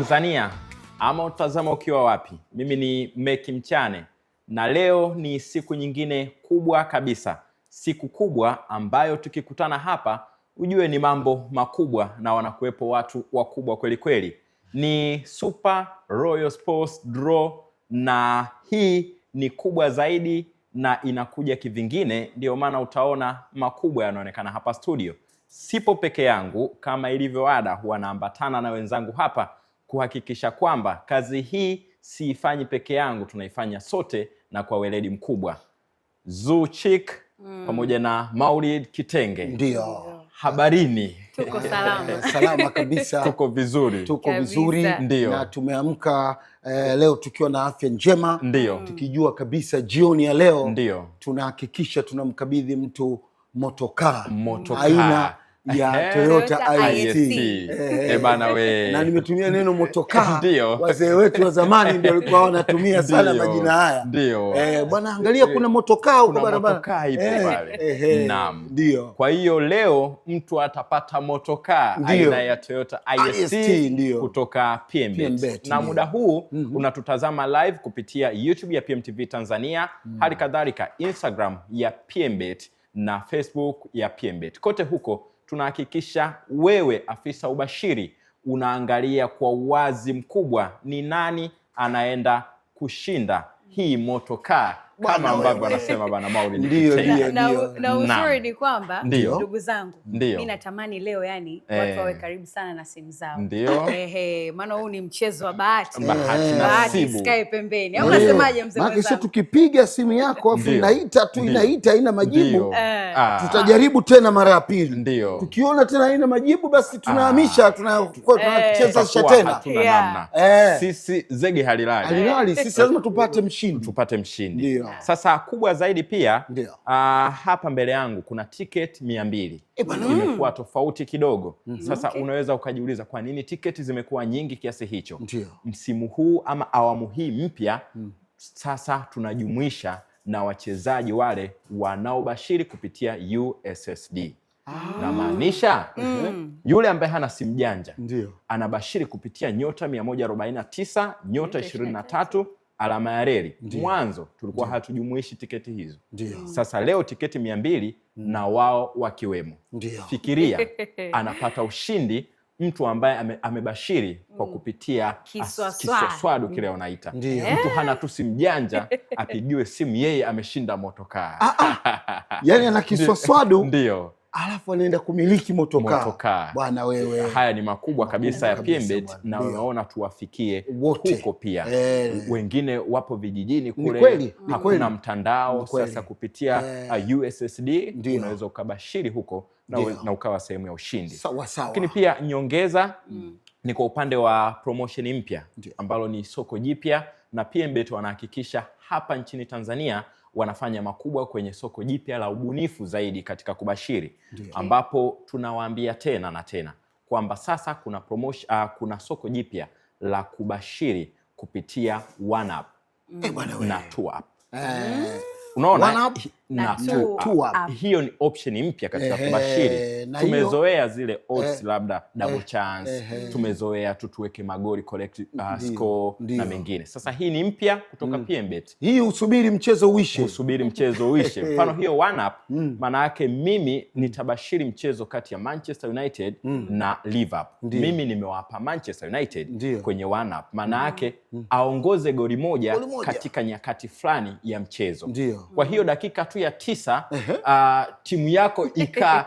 Tanzania ama utazama ukiwa wapi, mimi ni Meki Mchane na leo ni siku nyingine kubwa kabisa, siku kubwa ambayo tukikutana hapa ujue ni mambo makubwa na wanakuwepo watu wakubwa kweli kweli. Ni Super Royal Sports Draw na hii ni kubwa zaidi na inakuja kivingine, ndiyo maana utaona makubwa yanaonekana hapa studio. Sipo peke yangu kama ilivyo ada, huwa naambatana na wenzangu hapa kuhakikisha kwamba kazi hii siifanyi peke yangu, tunaifanya sote na kwa weledi mkubwa. Zuchik mm. pamoja na Maulid Kitenge ndio habarini, tuko salama. salama kabisa, tuko vizuri, tuko vizuri ndio, na tumeamka eh, leo tukiwa na afya njema ndio, mm. tukijua kabisa jioni ya leo ndio tunahakikisha tunamkabidhi mtu motokaa motokaa aina ya Toyota IST. eh, bana we. Na nimetumia neno motokaa. Ndio. Wazee wetu wa zamani ndio walikuwa wanatumia sana majina haya. Ndio. Eh, bwana angalia eh, kuna motokaa huko barabara. Motokaa ipo eh, pale. Naam. Ndio. Kwa hiyo leo mtu atapata motokaa aina ya Toyota IST, IST kutoka PMbet. Na muda huu mm -hmm. unatutazama live kupitia YouTube ya PMTV Tanzania, mm. hali kadhalika Instagram ya PMbet na Facebook ya PMbet. Kote huko tunahakikisha wewe afisa ubashiri unaangalia kwa uwazi mkubwa ni nani anaenda kushinda hii motokaa kama ambavyo anasema bana Ndio, ndio, ndio. Na uzuri ni kwamba ndugu zangu, mimi natamani leo yani eh. watu wawe karibu sana na simu zao. Ndio. Ehe, maana huu ni mchezo wa bahati. Bahati eh. nasibu. Sikae pembeni. Au unasemaje mzee wangu? tukipiga simu yako afu inaita tu inaita haina majibu. Eh. Ah. Tutajaribu tena mara ya pili. Ndio. Tukiona tena haina majibu basi tunahamisha ah. tunachezesha tena. Sisi zege halilali. Halilali, sisi lazima tupate mshindi. Tupate mshindi no. Sasa kubwa zaidi pia uh, hapa mbele yangu kuna tiketi mia mbili eh, imekuwa tofauti kidogo mm -hmm. Sasa okay. Unaweza ukajiuliza kwa nini tiketi zimekuwa nyingi kiasi hicho? Ndiyo. Msimu huu ama awamu hii mpya mm. Sasa tunajumuisha na wachezaji wale wanaobashiri kupitia USSD ah. Namaanisha mm. yule ambaye hana simu janja anabashiri kupitia nyota 149 nyota 23 alama ya reli. Mwanzo tulikuwa hatujumuishi tiketi hizo. Ndiyo. Sasa leo tiketi mia mbili na mm. wao wakiwemo. Ndiyo. Fikiria anapata ushindi mtu ambaye ame, amebashiri kwa mm. kupitia kiswaswadu kile anaita mtu eh? hana tu simu janja apigiwe simu yeye ameshinda motokaa. Ah, ah. yani ana kiswaswadu ndio alafu anaenda kumiliki motokaa. Bwana wewe, haya ni makubwa kabisa ya PMBET, na unaona tuwafikie wote huko pia e. Wengine wapo vijijini kule, hakuna mtandao. Sasa kupitia e. Eh. USSD uh, unaweza ukabashiri huko na, na ukawa sehemu ya ushindi, lakini pia nyongeza mm. ni kwa upande wa promotion mpya ambalo ni soko jipya, na PMBET wanahakikisha hapa nchini Tanzania wanafanya makubwa kwenye soko jipya la ubunifu zaidi katika kubashiri okay. ambapo tunawaambia tena na tena kwamba sasa kuna promosh, ah, uh, kuna soko jipya la kubashiri kupitia one mm. na two eh. Unaona na Hiyo ni option mpya katika kubashiri. Tumezoea zile odds eh, labda double eh. chance eh, tumezoea tu tuweke magoli collect uh, score na mengine. Sasa hii ni mpya kutoka mm. PMBet. Hii usubiri mchezo uishe, usubiri mchezo uishe. Eh. Mfano hiyo one up mm. maana yake mimi mm. nitabashiri mchezo kati ya Manchester United mm. na Liverpool. Mimi nimewapa Manchester United Ndiyo. kwenye one up maana mm. yake mm. aongoze goli moja, goli moja katika nyakati fulani ya mchezo Ndiyo. kwa hiyo dakika tu ya tisa uh, timu yako ika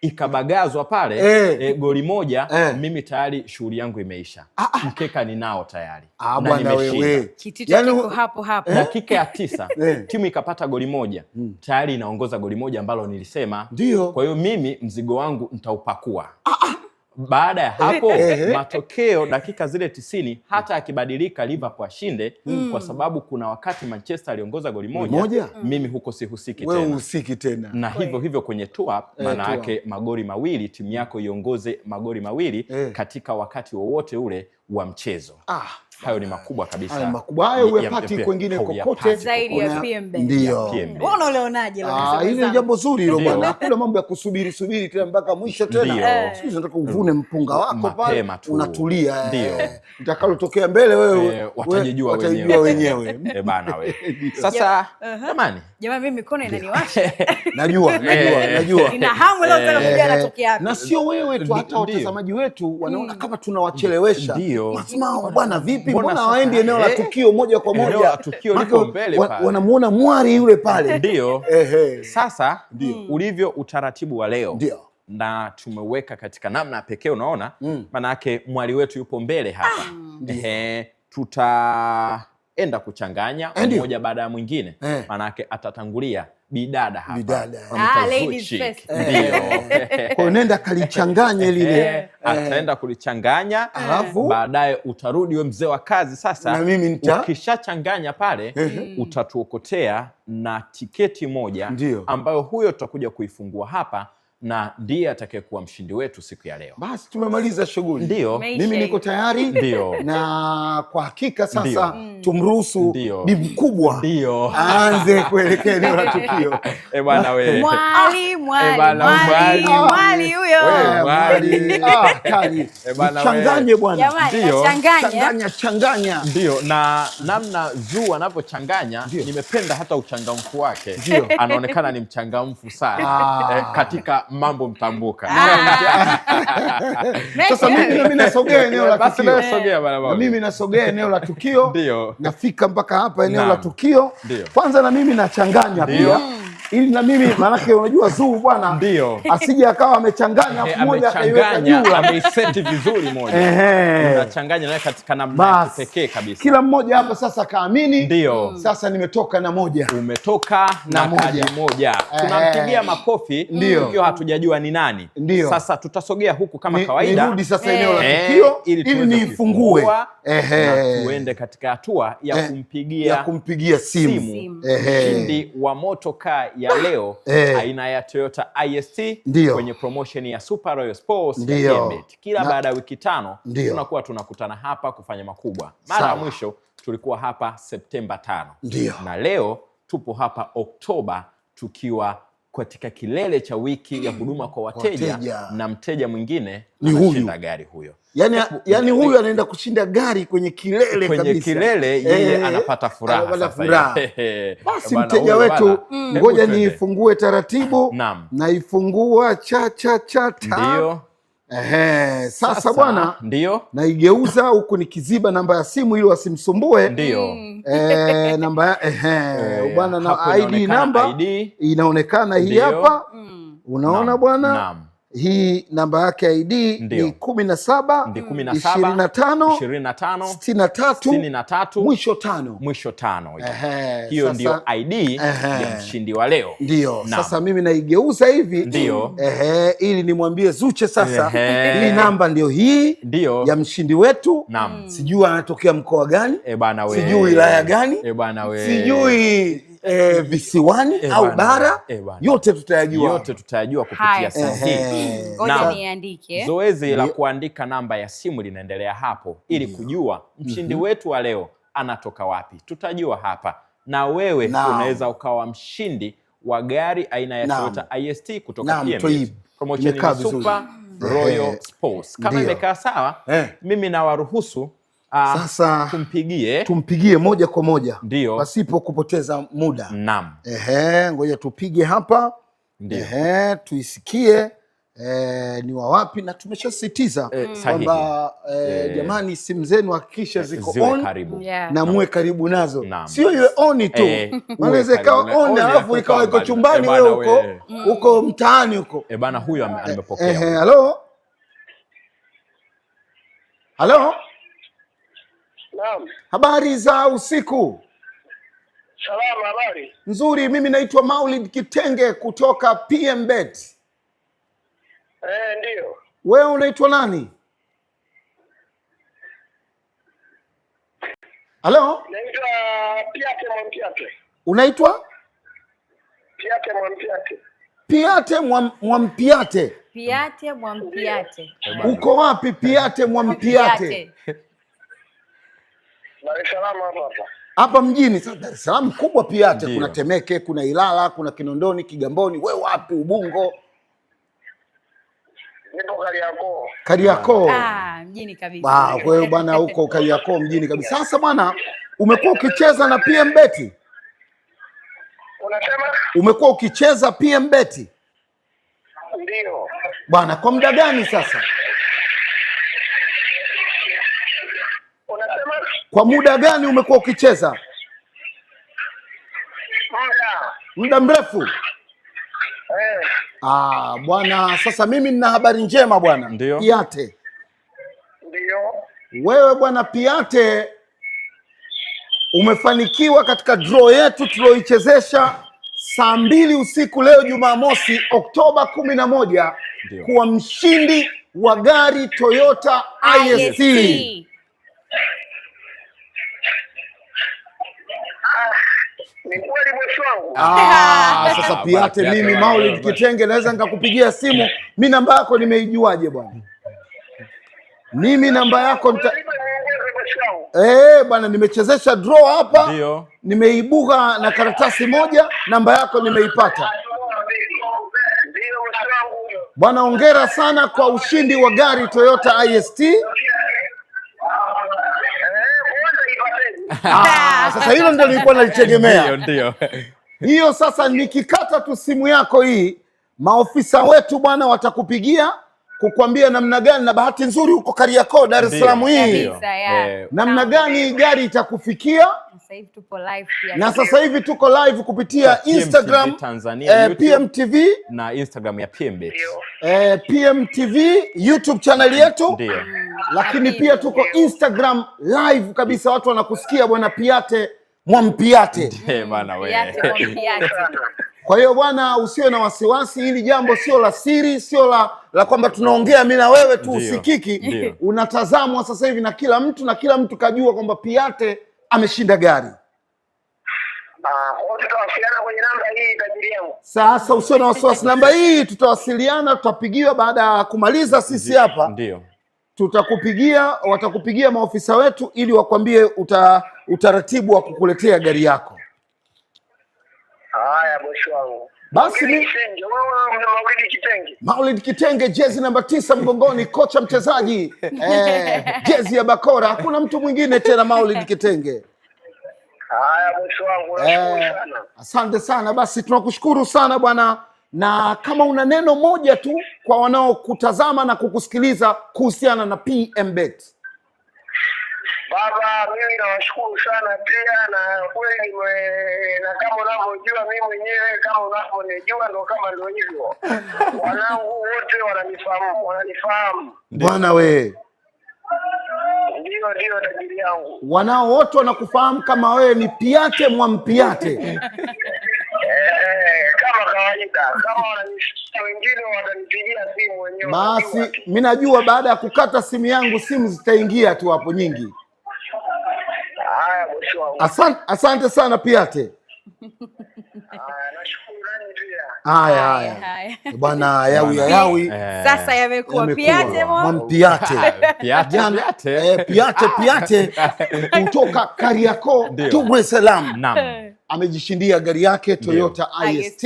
ikabagazwa pale eh, eh, goli moja eh. Mimi tayari shughuli yangu imeisha ah, ah. ah. Mkeka ninao tayari ah, na nimeshinda yani... hapo hapo eh? dakika ya tisa eh. Timu ikapata goli moja hmm. Tayari inaongoza goli moja ambalo nilisema ndio. Kwa hiyo mimi mzigo wangu nitaupakua ah, ah baada ya eh, hapo eh, eh. matokeo dakika zile tisini hata akibadilika Liverpool ashinde mm. kwa sababu kuna wakati Manchester aliongoza goli moja, moja? Mm. mimi huko sihusiki tena. Tena na hivyo hivyo kwenye tour e, maana yake magoli mawili timu yako iongoze magoli mawili katika wakati wowote ule wa mchezo ah hayo ni makubwa kabisa, hayo makubwa hayo huyapati kwengine kokote zaidi ya PMB. Ndio wewe unaonaje? Ah, Hili ni jambo zuri hilo bwana, Kuna mambo ya kusubiri subiri tena mpaka mwisho tena. Eh. Sisi tunataka uvune mpunga wako pale, unatulia. Eh. Ndio itakalotokea mbele wewe eh, watajijua wenyewe Watajijua wenyewe. Eh, bana. Wewe sasa, uh-huh. jamani, jamani, mimi mikono inaniwasha, najua najua najua, nina hamu leo tena kujua anatokea na sio wewe tu, hata watazamaji wetu wanaona mm. kama tunawachelewesha. Ndio bwana, vipi vipi, yaani, mbona hawaendi eneo la eh? tukio moja kwa moja? Tukio liko mbele pale, wanamuona mwari yule pale. Ndio sasa ndio mm. ulivyo utaratibu wa leo na tumeweka katika namna pekee, unaona mm. Manake mwali wetu yupo mbele hapa ah, ehe, tutaenda kuchanganya eh, mmoja baada ya mwingine eh. Manake atatangulia bidada hapa. Bidada. Ah, ladies first. Nenda kalichanganye eh, lile. Ataenda ah, eh. kulichanganya alafu baadaye utarudi we mzee wa kazi sasa. Na mimi nita ukishachanganya pale eh. mm-hmm. utatuokotea na tiketi moja Ndiyo. ambayo huyo tutakuja kuifungua hapa na ndiye atakayekuwa mshindi wetu siku ya leo. Basi tumemaliza shughuli, ndio mimi niko tayari ndio, na kwa hakika sasa tumruhusu Bi Mkubwa ndio aanze kuelekea eneo la tukio. E, e bwana we, mwali mwali mwali huyo, changanye bwana, changanya changanya, ndio na namna Zuu anavyochanganya nimependa hata uchangamfu wake, anaonekana ni mchangamfu sana ah. eh, katika mambo mtambuka. Ah. Sasa mimi nami nasogea eneo la tukio, mimi nasogea eneo la tukio, nafika mpaka hapa eneo la tukio kwanza, na mimi nachanganya pia ili na mimi maanake, unajua zuu bwana, ndio asije akawa amechanganya elfu eh, moja akaiweka juu, ameiseti vizuri moja, unachanganya naye katika namna ya pekee kabisa. Kila mmoja hapa sasa kaamini, ndio sasa nimetoka na moja, umetoka na, na kadi moja, tunampigia makofi ndio, hatujajua ni nani. Ndio sasa tutasogea huku kama ni kawaida, nirudi sasa eh. eneo la eh, tukio ili nifungue tuende katika hatua ya kumpigia ya kumpigia simu mshindi wa motokaa ya leo eh, aina ya Toyota IST ndiyo, kwenye promotion ya Super Royal Sports ndiyo, ya Kila baada ya wiki tano tunakuwa tunakutana hapa kufanya makubwa. Mara ya mwisho tulikuwa hapa Septemba tano, ndiyo, na leo tupo hapa Oktoba tukiwa katika kilele cha wiki ya huduma kwa wateja, wateja, na mteja mwingine anashinda gari huyo yani, yani huyu anaenda kushinda gari kwenye kilele kwenye kabisa. Kilele eh, yeye anapata eh, furaha sasa. Basi mteja wetu, ngoja niifungue taratibu, naifungua cha cha cha, ndio Ehe, sasa, sasa bwana ndio naigeuza huku nikiziba namba ya simu ili wasimsumbue. Ndio. Mm. Eh, namba ehe, eh, bwana na ID namba inaonekana hii hapa. Mm. Unaona bwana? Naam hii namba yake ya ID ni mm. kumi na saba ishirini na tano sitini na tatu mwisho tano mwisho tano. Hiyo ndio ID ya mshindi wa leo. Ndio sasa mimi naigeuza hivi ndio ili nimwambie Zuche sasa, hii namba ndio hii ndio ya mshindi wetu. Sijui anatokea mkoa gani, eh, sijui wilaya gani, eh, sijui e, visiwani e, au bara e, yote tutayajua, yote tutayajua kupitia sisi. Ngoja niandike. Zoezi la kuandika namba ya simu linaendelea hapo ili kujua mshindi mm -hmm. wetu wa leo anatoka wapi, tutajua hapa, na wewe unaweza ukawa mshindi wa gari aina ya Toyota IST kutoka Promotion Super Royal Sports. Kama imekaa sawa, mimi nawaruhusu Ah, sasa tumpigie tumpigie moja kwa moja ndio, pasipo kupoteza muda. Naam, ehe, ngoja tupige hapa ndio, ehe, tuisikie E, ni wawapi na tumeshasisitiza eh, kwamba e, e, jamani simu zenu hakikisha ziko on yeah, na muwe karibu nazo sio iwe on tu e, eh. manaweza ikawa on alafu ikawa iko chumbani wewe huko huko mtaani huko bana. Huyo amepokea halo halo Naam. Habari za usiku. Salama, habari nzuri. Mimi naitwa Maulid Kitenge kutoka PMBet. Eh, ndio. Wewe unaitwa nani? Halo? Naitwa Piate Mwampiate. Unaitwa? Piate Mwampiate. Piate Mwampiate. Piate Mwampiate. Uko wapi Piate Mwampiate? Dar es Salaam hapa hapa hapa mjini. Sasa Dar es Salaam kubwa pia hata kuna Temeke, kuna Ilala, kuna Kinondoni, Kigamboni. We wapi? Ubungo? Nipo Kariakoo. Kariakoo. Ah, mjini kabisa. Ah, kwa hiyo bwana huko Kariakoo mjini kabisa. Sasa bwana, umekuwa ukicheza na PM Beti? Unasema? Umekuwa ukicheza PM Beti? Ndio. Bwana, kwa muda gani sasa? Kwa muda gani umekuwa ukicheza? Muda mrefu eh. Ah, bwana, sasa mimi nina habari njema bwana. Piate. Ndio. Wewe bwana Piate umefanikiwa katika draw yetu tulioichezesha saa mbili usiku leo Jumamosi Oktoba kumi na moja kuwa mshindi wa gari Toyota ISC. Ah, ah. sasa Piate mimi Maulid Kitenge naweza nikakupigia simu. mi namba yako nimeijuaje bwana? Mimi namba yako nita Eh, bwana nimechezesha draw hapa. Nimeibuka na karatasi moja, namba yako nimeipata. Bwana, hongera sana kwa ushindi wa gari Toyota IST. Ah, sasa hilo ndio nilikuwa nalitegemea. Ndio hiyo sasa, nikikata tu simu yako hii, maofisa wetu bwana watakupigia kukwambia namna gani, na bahati nzuri huko Kariakoo, Dar es Salaam hii eh, namna gani gari itakufikia. Na sasa hivi tuko live kupitia Instagram eh, PMTV na Instagram ya PMBet, eh, PMTV YouTube channel yetu mm lakini Amin. pia tuko Instagram live kabisa, watu wanakusikia bwana Piate Mwampiate. Kwa hiyo bwana, usiwe na wasiwasi, hili jambo sio la siri, sio la la kwamba tunaongea mimi na wewe tu usikiki, unatazamwa sasa hivi na kila mtu, na kila mtu kajua kwamba Piate ameshinda gari. Ah, sasa usiwe na wasiwasi, namba hii tutawasiliana, tutapigiwa baada ya kumaliza sisi hapa. Ndio tutakupigia, watakupigia maofisa wetu ili wakwambie uta, utaratibu wa kukuletea gari yako. Haya bosi wangu. Basi ni Maulid Kitenge, jezi namba tisa mgongoni, kocha mchezaji eh, jezi ya bakora, hakuna mtu mwingine tena, Maulid Kitenge. Haya bosi wangu, nashukuru eh, sana. Asante sana, basi tunakushukuru sana bwana na kama una neno moja tu kwa wanaokutazama na kukusikiliza kuhusiana na PMBet. Baba, mimi nawashukuru sana pia, na kweli na kama unavyojua mimi mwenyewe kama unavyonijua ndo kama ndo hivyo wanangu wote wananifahamu, wananifahamu bwana we ndio ndio tajiri yangu, wanao wote wanakufahamu kama wewe ni Piate Mwampiate Maasi, mimi najua baada ya kukata simu yangu simu zitaingia tu hapo nyingi. Asante, asante sana Piate. Haya haya bwana, yawi ya yawi eh. sasa yamekuwa eh, Piate Piate Piate Piate kutoka Kariakoo, tumwe es Salaam amejishindia gari yake Toyota IST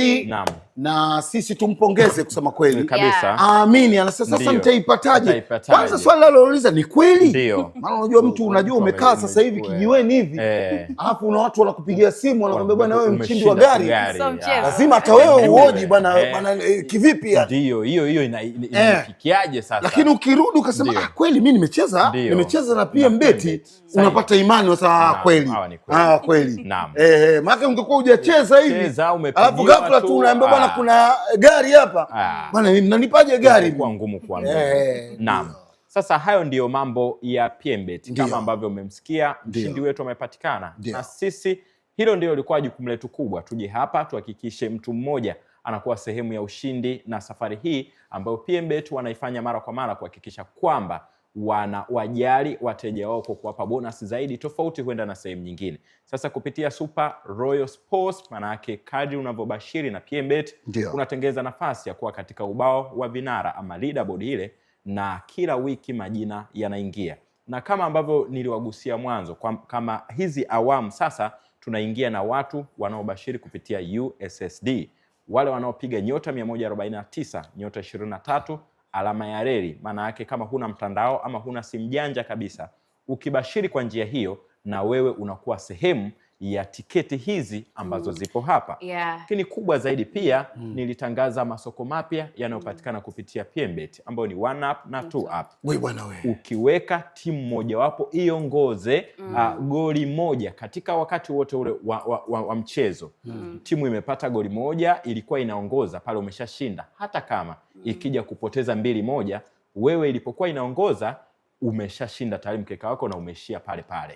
na sisi tumpongeze kusema kweli eh, kabisa, aamini. Anasema sasa, nitaipataje? Kwanza swali alilouliza ni kweli, maana unajua mtu unajua umekaa sasa hivi kijiweni hivi eh. alafu una watu wanakupigia simu wanakwambia, bwana wewe mchindi wa gari, ah. lazima hata wewe uoji bwana eh. bwana, kivipi? Ndio hiyo hiyo inafikiaje sasa? Lakini ukirudi ukasema ah, kweli mimi nimecheza nimecheza na pia mbeti, unapata imani ah, wasa kweli ah, kweli eh, maana ungekuwa hujacheza hivi alafu ghafla tu unaambia bwana kama ah. kuna gari hapa ah. bwana, mnanipaje gari? Kwa ngumu kwa ngumu. Eh. Naam. Sasa hayo ndiyo mambo ya PMbet kama ambavyo umemsikia mshindi wetu amepatikana, na sisi hilo ndio likuwa jukumu letu kubwa, tuje hapa tuhakikishe mtu mmoja anakuwa sehemu ya ushindi na safari hii ambayo PMbet wanaifanya mara kwa mara kuhakikisha kwamba wana wajali wateja wao kwa kuwapa bonus zaidi tofauti huenda na sehemu nyingine. Sasa kupitia Super Royal Sports, maana yake unavyobashiri na PMbet unatengeza nafasi ya kuwa katika ubao wa vinara ama leaderboard ile, na kila wiki majina yanaingia, na kama ambavyo niliwagusia mwanzo kwa, kama hizi awamu sasa tunaingia na watu wanaobashiri kupitia USSD, wale wanaopiga nyota 149 nyota 23 alama ya reli. Maana yake kama huna mtandao ama huna simu janja kabisa, ukibashiri kwa njia hiyo, na wewe unakuwa sehemu ya tiketi hizi ambazo mm. zipo hapa yeah. kubwa zaidi pia mm. nilitangaza masoko mapya yanayopatikana mm. kupitia PMBet ambayo ni one up na two up. We, bwana wewe, ukiweka timu mojawapo iongoze mm. uh, goli moja katika wakati wote ule wa, wa, wa, wa mchezo mm. mm. timu imepata goli moja, ilikuwa inaongoza pale, umeshashinda hata kama mm. ikija kupoteza mbili moja, wewe ilipokuwa inaongoza umeshashinda tayari mkeka wako na umeishia pale pale.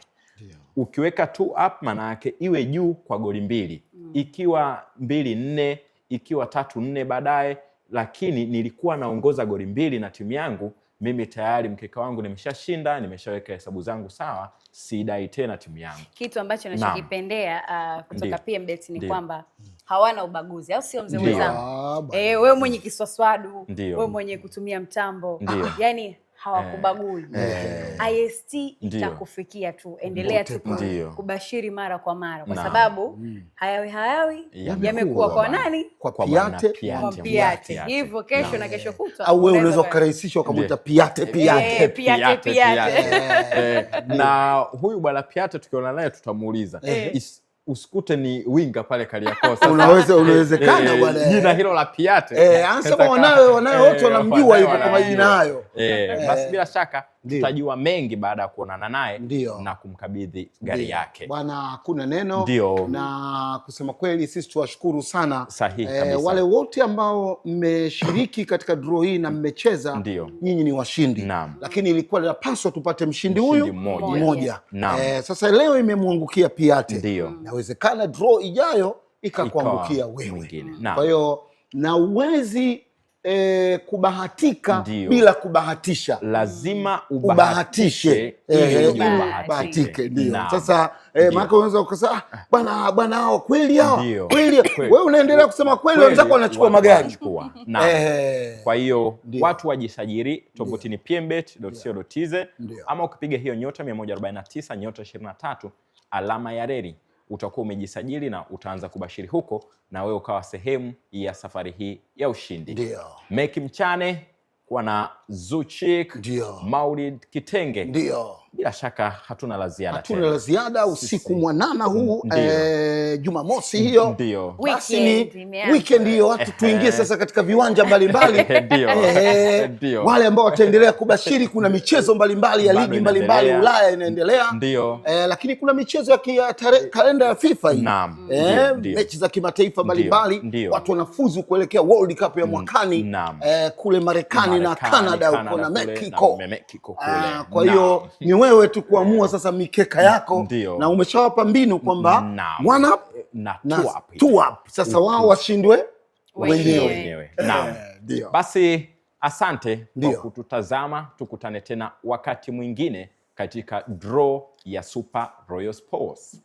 Ukiweka tu up maana yake iwe juu kwa goli mbili, mm. ikiwa mbili nne, ikiwa tatu nne baadaye, lakini nilikuwa naongoza goli mbili na timu yangu mimi tayari mkeka wangu nimeshashinda, nimeshaweka hesabu zangu sawa, sidai tena timu yangu. Kitu ambacho nachokipendea uh, kutoka PMbet ni kwamba hawana ubaguzi, au sio mzee mwenzangu? Ah, eh, wewe mwenye kiswaswadu, wewe mwenye kutumia mtambo, yani hawakubagui eh. IST itakufikia tu, endelea tu kubashiri mara kwa mara kwa na, sababu mm. hayawi hayawi yamekuwa kwa nani? Kwa Piate, kwa Piate. Hivyo kesho na kesho kutwa, au wewe unaweza ukarahisisha ukamwita eh, Piate, Piate, Piate, Piate. Eh. Eh. Na huyu bwana Piate tukiona naye tutamuuliza usikute ni winga pale Kariakoo. Unaweza, unawezekana eh, eh, bwana, jina hilo la Piate, eh, anasema wanawe wanawe wote eh, wanamjua hivyo kwa majina hayo, basi bila shaka tutajua mengi baada ya kuonana naye na kumkabidhi gari yake bwana, hakuna neno Dio. na kusema kweli sisi tuwashukuru sana E, wale wote ambao mmeshiriki katika draw hii na mmecheza, nyinyi ni washindi Naam. lakini ilikuwa linapaswa tupate mshindi huyu mmoja E, sasa leo imemwangukia Piate, inawezekana draw ijayo ikakuangukia wewe, kwa hiyo na uwezi E, kubahatika Ndiyo. Bila kubahatisha lazima ubahatishe, ubahatike ndio sasa e, eh, maana unaweza ukasema ah, bwana bwana, hao kweli hao kweli, wewe unaendelea kusema kweli, wenzako wanachukua magari. Kwa hiyo watu wajisajili, tovuti ni pmbet.co.tz ama ukipiga hiyo nyota 149 nyota 23 alama ya reli utakuwa umejisajili na utaanza kubashiri huko, na wewe ukawa sehemu ya safari hii ya ushindi. Ndio Meki Mchane, kuwa na Zuchik, Maulid Kitenge, ndio bila shaka hatuna la ziada, hatuna la ziada. Usiku mwanana huu e, Jumamosi hiyo basi ni weekend hiyo, watu tuingie sasa katika viwanja mbalimbali e, wale ambao wataendelea kubashiri, kuna michezo mbalimbali ya ligi mbalimbali Ulaya inaendelea e, lakini kuna michezo ya kalenda ya FIFA hii e, mechi za kimataifa mbalimbali, watu wanafuzu kuelekea World Cup ya mm, mwakani e, kule Marekani na Canada, huko na Mexico, ah, kwa hiyo wewe tu kuamua sasa mikeka yako Ndiyo. na umeshawapa mbinu kwamba mwana sasa mm, wao mm. washindwe wenyewe. Naam, eh, basi asante kwa kututazama, tukutane tena wakati mwingine katika draw ya Super Royal Sports.